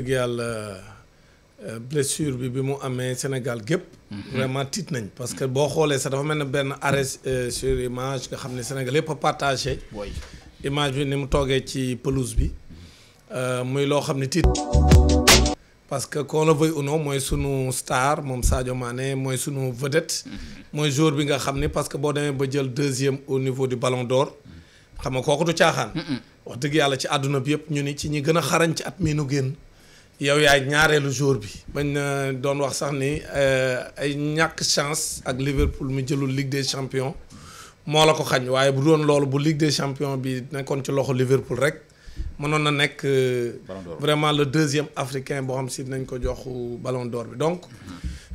dëgg yàlla euh, blessure bi bi mu amee Sénégal gépp mhm. vraiment tiit nañ parce que boo xoolee sax dafa mel ne benn arrêt euh, sur image nga xam ne Sénégal yëpp partage partagé image bi ni mu toogee ci pelouse bi euh, muy loo xam ne tiit parce que qu'on le veuille mooy sunu star moom Sadio Mané mooy sunu vedette mhm. mooy joueur bi nga xam ni parce que boo demee ba jël deuxième au niveau du Ballon d'Or xam nga kooku caaxaan wax dëgg yàlla ci àdduna bi yëpp ñu ni ci ñi gën a xarañ ci at mii nu génn yow yaay ñaareelu jour bi bañ na doon wax sax ni euh, ay ñàkk chance ak Liverpool mu jëlul Ligue des champions moo la ko xañ waaye bu doon loolu bu Ligue des champions bi nekkoon ci loxo Liverpool rek mënoon na nekk euh, vraiment le deuxième africain boo xam si nañ ko jox ballon d'or bi donc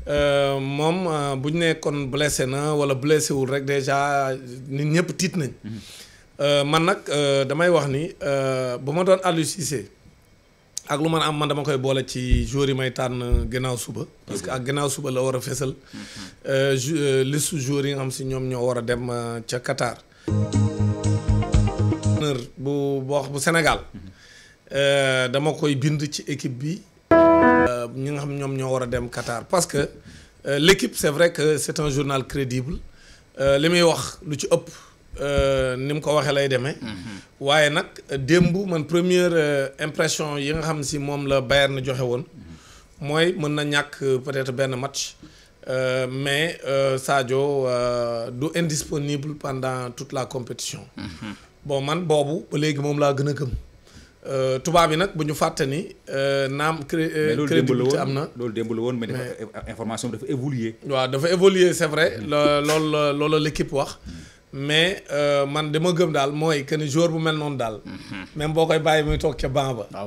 euh, moom bu ñu nekkoon blessé na wala blessé wul rek déjà nit ñëpp tiit nañ mm-hmm. man nag damay wax ni bu ma doon Aliou Cissé ak lu man am man dama koy boole ci jour yi may tànn gannaaw suba. parce que ak gannaaw suba la war a fésal. Euh, euh, liste jour yi nga xam si ñoom ñoo war a dem euh, ca Qatar. bu boo bu Sénégal. dama koy bind ci équipe bi. ñu nga xam ñoom ñoo war a dem Qatar parce que l'équipe c'est vrai que c'est un journal crédible li muy wax lu ci ëpp. Euh, ni mu ko waxee lay demee. Mm-hmm. waaye nag démb man première euh, impression yi nga xam si moom la bayar na joxe woon mm-hmm. mooy mën na ñàkk peut-être benn match euh, mais Sadio du indisponible pendant toute la compétition. Mm-hmm. bon man boobu ba léegi moom laa gën a gëm. tubaab yi nag bu ñu fàtte ni naam. crédibilité am na loolu démb la woon mais dafa information dafa évoluer waaw dafa évoluer c'est vrai loolu loolu la l'équipe wax. mais euh, man dama gëm daal mooy que ni bu mel noonu daal. Mhm. même boo koy bàyyi muy toog ca banc ba. Ah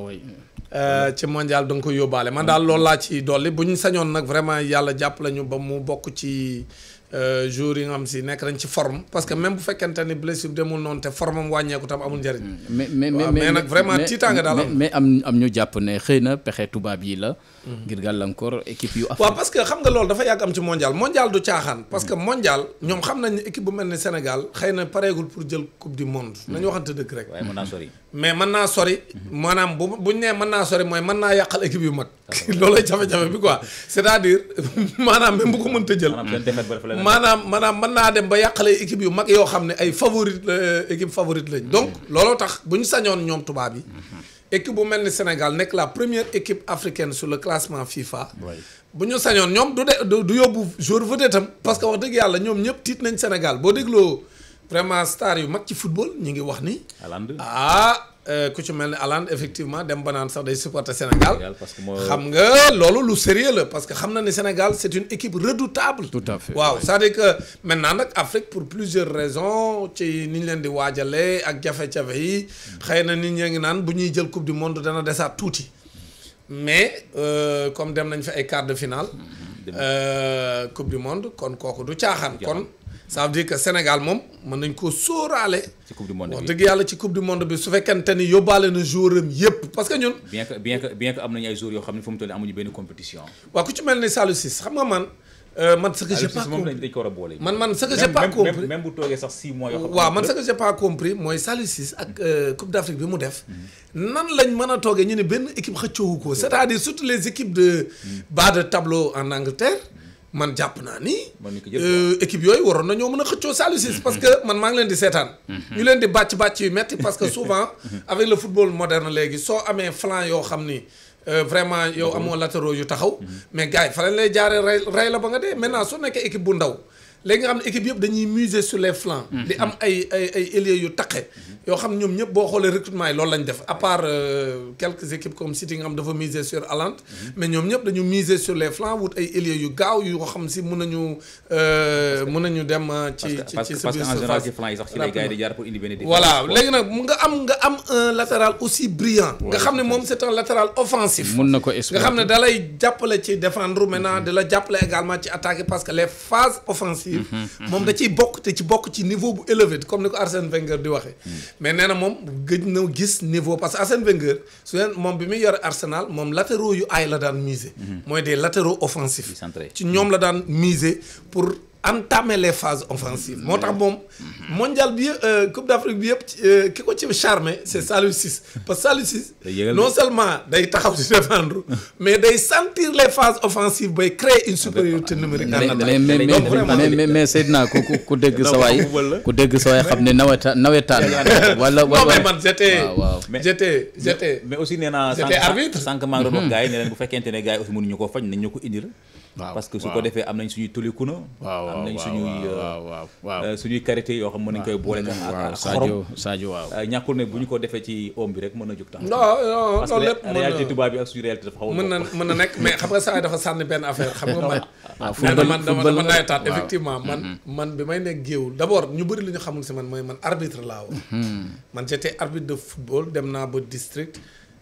euh, ci mondial da nga koy yóbbaale man daal lool laa ci dolli bu ñu sañoon nag vraiment yàlla jàpp lañu ba mu bokk ci. Euh, jour yi nga xam si nekk nañ ci form parce que même bu fekkente ni blessure demul noonu te forme am wàññeeku tam amul njëriñ. Mm, mais mais mais nag vraiment tiitaanga daal am. mais am ñu jàpp ne xëy na pexe tubaab yi la. Mm-hmm. ngir gàllankoor équipe yu. waaw parce que xam nga loolu dafa yàgg am ci mondial mondial du caaxaan. parce que mm-hmm. mondial ñoom xam nañ ne équipe bu mel ne Sénégal xëy na pareegul pour jël coupe du monde. Mm-hmm. nañu waxante dëkk rek. waaye mën naa mais mën naa sori. maanaam bu ñu nee mën naa sori mooy mën naa yàqal équipe yu mag. loolay jafe-jafe bi quoi c'est-à-dire maanaam même bu ko mënta jël. maanaam maanaam mën naa dem ba yàqale équipe yu mag yoo xam ne ay favorite la euh, équipe favorite lañ. donc mm-hmm. looloo tax bu ñu sañoon ñoom tubaab yi. Mm-hmm. équipe bu mel ni Sénégal nekk la première équipe africaine su le classement FIFA. bu ñu sañoon ñoom du de du yóbbu jour vedette tam parce que wax dëgg yàlla ñoom ñëpp tiit nañ Sénégal boo dégloo. vraiment star yu mag ci football ñu ngi wax ni. ah. Euh, ku ci mel ni Haaland effectivement dem ba naan sax day supporter Sénégal xam nga loolu lu sérieux la parce que xam na ne Sénégal c'est une équipe redoutable tout à fait waaw c'est-à-dire que maintenant nag Afrique pour plusieurs raisons ci ni ñu leen di waajalee ak jafe-jafe yi xëy na nit ñaa ngi naan bu ñuy jël coupe du monde dana desaat tuuti mais euh, comme dem nañ fi ay quart de finale mm-hmm. euh, coupe du monde kon kooku du caaxaan kon ça veut dire que Sénégal moom mën nañ koo sóoraale. ci coupe wax dëgg yàlla ci coupe du monde bi su fekkente ni yóbbaale na jouram yépp parce que ñun. bien que bien am nañu ay joueurs yoo xam ne fu mu toll amuñu benn compétition. waaw ku ci mel ni Saliou Ciss xam nga man. Euh, man ce ko war a boole man pas compris bu toogee sax 6 mois yoo xam waaw man ce que j'ai pas compris mooy Saliou Ciss ak mm-hmm. euh, Coupe d'Afrique bi mu def mm-hmm. nan lañ mën a toogee ñu ne benn équipe xëccoowu ko c'est-à-dire surtout les équipes de mm-hmm. bas de tableau en Angleterre man jàpp naa ni. Euh, équipe yooyu waroon na ñoo mën a xëccoo Saliou Ciss parce que man maa ngi leen di seetaan. Mhm. ñu leen di bàcc bàcc yu metti parce que souvent mhm. avec le football moderne léegi soo amee flanc yoo xam ni. Euh, vraiment yow amoo latéraux yu taxaw. Mhm. mais gars yi fa lañ lay jaaree rey rey la ba nga dee maintenant su nekkee équipe bu ndaw. léegi nga xam mm-hmm. am ay ay ay ailier yu taqe. Mm-hmm. yoo xam ñoom ñëpp boo xoolee recrutement yi loolu lañ def à part euh, quelques équipes comme City nga xam dafa miser sur Allende. Mm-hmm. mais ñoom ñëpp dañu miser sur les flancs wut ay ailier yu gaaw yu xam am nga am latéral aussi brillant. nga xam ne moom c'est latéral offensif. nga xam ne da jàppale ci défendre maintenant di la jàppale également ci attaquer parce que les phases offensives. offensive. Mhm. moom da ciy bokk te ci bokk ci niveau bu élevé comme ni ko Arsène Wenger di waxee. Mhm. mais nee moom gëj na gis niveau parce que Arsène Wenger su leen moom bi muy yore Arsenal moom latéraux yu aay la daan miser. Mhm. mooy des latéraux offensifs. ci ñoom la daan miser pour. entamer les phases offensives moo tax moom. Mhm. mondial bi yëpp euh, coupe d' bi yëpp euh, ki ko ci charmé c' est Saliou Ciss parce que Saliou Ciss. non seulement day taxaw si défendre mais day sentir les phases offensives bay créer une supériorité ah, numérique. en mais mais mais mais Seydina ku ku ku dégg sa ku dégg sa xam ne nawetaan nawetaan wala wala non waaw waaw mais j' étais j' mais aussi nee naa. j' étais arbitre sànq maa ngi doon wax mhm. bu fekkente ne gars yi aussi mënuñu ko indil. waaw parce que su ko defee am nañ suñuy tolikuna. waaw am euh, waaw waaw euh, suñuy karité yoo xam mën nañ koy boole. ak xorom Sadio waaw. Euh, ñàkkul ne bu ñu ko defee ci oom bi rek mën na jug tax. non non loolu lépp mën na parce que réalité a. mais xam nga saa dafa sànni benn affaire xam nga man. ah football man effectivement man. Mm-hmm. man bi may nekk géewul d' abord ñu bëri li ñu xamul si man mooy man arbitre laa woon. Mm-hmm. man j' étais arbitre de football dem naa ba district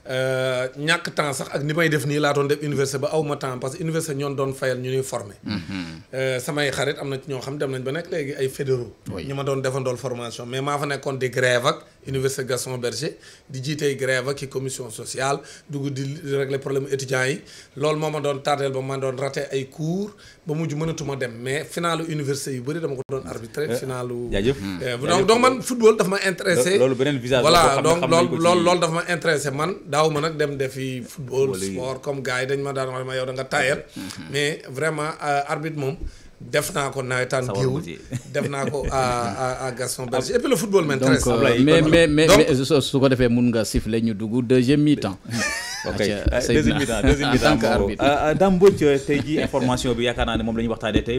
Euh, ñàkk temps sax ak ni may def nii laa doon def université ba aw ma temps parce que université ñoon doon fayal ñu ñuy formé. Mm-hmm. Euh, samay xarit am na ci ñoo xam dem nañ ba nekk léegi ay fédéraux. ñu ma doon defandool formation mais maa fa nekkoon di grève ak. université Gaston Berger di jiitey grève ak commission sociale dugg di régler problème étudiants yi loolu moo ma doon tardeel ba ma doon raté ay cours ba mujj mënatuma dem mais finalu université yu bëri dama ko doon arbitré eh, finalu jaajëf eh, man football dafa ma intéressé loolu beneen visage voilà donc dafa ma intéressé man daaw ma nag dem defi football sport comme gars dañ ma daan wax ma yow da mm-hmm. mais vraiment euh, arbitre moom def naa ko nawetaan géewul def naa ko à à Gaston Berger et puis le football m'intéresse donc euh, mais mais mais su ko defee mun nga siffler ñu dugg deuxième mi-temps. ok euh, deuxième mi-temps deuxième mi-temps en tant que arbitre euh, tey jii information bi yaakaar naa ne moom la ñu waxtaanee tey.